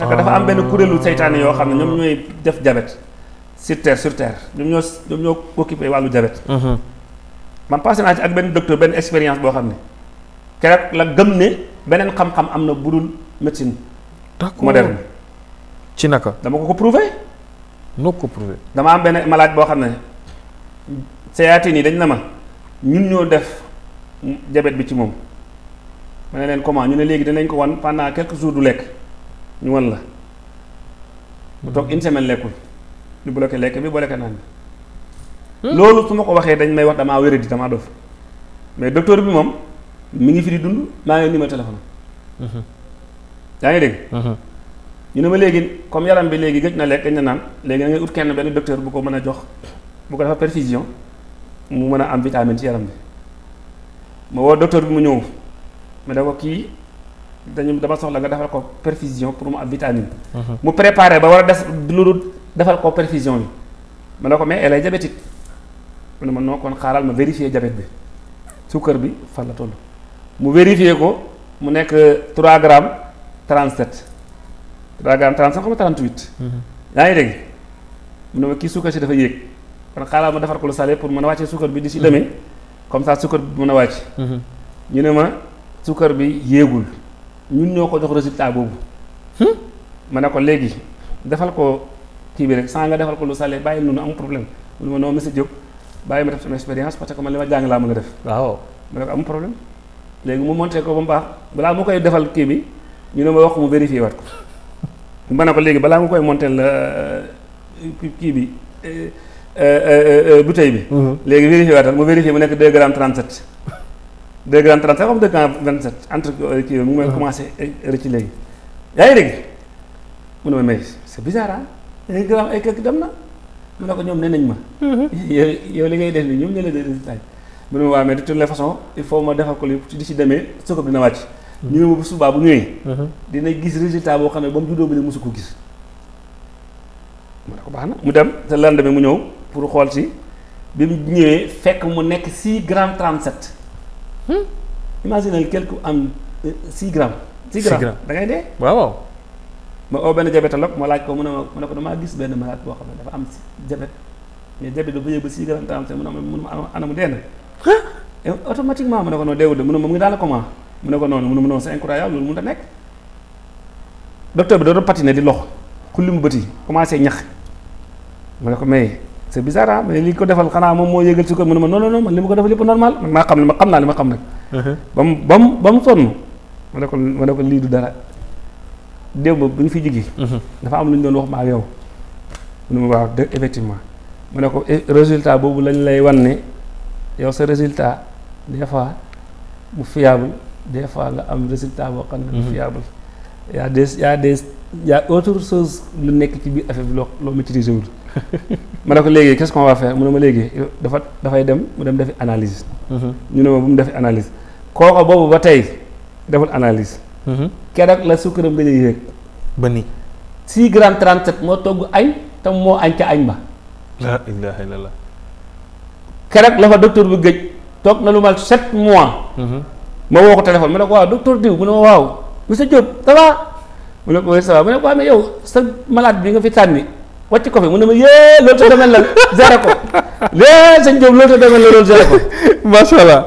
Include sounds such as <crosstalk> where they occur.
parce que dafa am benn kuréelu seytaane yoo xam ne ñoom ñooy def diabète sur terre sur terre ñoom ñoo wàllu diabète mhm. man passé naa ci ak benn docteur benn expérience boo xam ne keroog la gëm beneen xam am na budul médecine moderne ci naka ko ko prouvé noo ko prouvé dama am benn malade boo xam ne seyaatin yi dañ na ma ñun ñoo def diabète bi ci moom ma ne leen comment ñu ne léegi danañ ko wan pendant quelques jours du lekk ñu wan la bu toog une semaine lekkul ñu bloqué lekk bi bloqué naan bi hmm? loolu su ma ko waxee dañ may wax damaa wéradi damaa dof mais docteur bi moom mu ngi fi di dund maa ngi ma téléphone hmm. yaa ngi dégg hmm. ñu ne ma léegi comme yaram bi léegi gëj na lekk dañ na naan léegi da ut kenn benn docteur bu ko mën a jox bu ko defal perfusion mu mën a am vitamine ci yaram bi ma woo docteur bi mu ñëw ma da ko kii dañu dama soxla nga defal ko perfusion pour mu am vitamine. Mhm. mu préparé ba war a def lu defal ko perfusion bi. ma ne ko mais elle est diabétique mu ne ma non kon xaaral ma vérifier diabète bi suukar bi fan la toll. mu vérifier ko mu nekk 3 grammes 37 3 grammes 37 xam nga 38. Mhm. yaa ngi dégg mu ne ma kii suukar si dafa yéeg kon xaaral ma defar ko lu salé pour mën a wàccee suukar bi di si mhm. demee comme ça suukar bi mën a wàcc. ñu ne ma suukar bi yéegul. ñun ñoo ko jox résultat boobu hmm? ma ne ko léegi defal ko kii bi rek sans nga defal ko lu sale bàyyi noonu am problème mu ne ma non monsieur Diop bàyyi ma def sama expérience parce que man li ma jàng laa mën a def waaw ma ne ko am problème léegi mu monté ko ba mu baax balaa mu koy defal kii bi ñu ne ma wax mu vérifié waat ko <laughs> ma ne ko léegi balaa nga koy monté euh, kii bi euh, euh, bouteille bi hmm. léegi vérifié waatal mu vérifié mu nekk deux grammes trente deux grand trente-sept xam deux grand vingt-sept entre kii mu may ah. commencé rëcc léegi yaa ngi dégg mu ne ma mais c'est bizarre ah ay kër dem na mu ne ñoom nee nañ ma mhm. yow yow li ngay def ni ñoom ne la de résultat yi mu ne ma waa mais de toutes les façons il faut ma defal ko di ci demee sukab dina wàcc mhm. ñu ne ma bu subaa bu ñëwee mhm. dina gis résultat boo xam ne ba mu juddoo ba ne mosu ko gis mu ne ko baax na mu dem te lendemain mu ñëw pour xool si bi mu ñëwee fekk mu nekk si grand trente Hmm? imaginez quelque am um, 6 eh, grammes. 6 grammes da ngay dee. waaw waaw. ma oo benn diabétologue ma laaj ko mu a ma ma ne gis benn malade boo xam ne dafa am diabète mais diabète dafa yëg ba 6 grammes te am te mu ne ma anamu dee na. et automatiquement mu ne ko noonu deewul de mu ne ma mu ngi daal comment mu ne ko noonu mu ne ma noonu c'est incroyable loolu mënut a nekk. docteur bi da doon na di lox xulli mu bët yi commencé ñax ma ne ko mais. c'est bizarre ah mais li ko defal xanaa moom moo yëgal si ko mu ne ma non non non li ma ko defal yëpp normal man xam ne ma xam naa li ma xam nag. Uh-huh. ba mu ba mu ba mu sonn ma ne ne lii du dara démb bi ñu fi jigi uh-huh. dafa am lu ñu doon wax ma ak ne ma ne ko eh, résultat boobu lañ lay wan ne yow sa résultat des fois bu fiable des fois nga am résultat boo xam ne bu uh-huh. fiable. y des y des y a autre lu nekk ci biir affaire bi loo loo maîtriser <laughs> ma ne ko léegi qu'est-ce qu'on va ma léegi dafa dafay dem mu dem defi analyse. Mhm. ñu ne ma bu mu defi analyse kooka boobu ba tey deful analyse. Mhm. keroog la sukkaram gëj a yéeg. ba nii. 6 grammes 37 moo togg añ te moo añ ca añ ba. la ilaha illallah. keroog la fa docteur bi gëj toog na lu mal 7 mois. Mhm. ma woo ko téléphone ma ne ko waaw docteur diw mu ne ma waaw monsieur Diop ça va mu ne ko yow sa malade bi nga fi tànni. wàcc ko fi mu ne ma yee loolu te demel la zéro ko <laughs> yee sëñ Diop demel la loolu zéro ko macha allah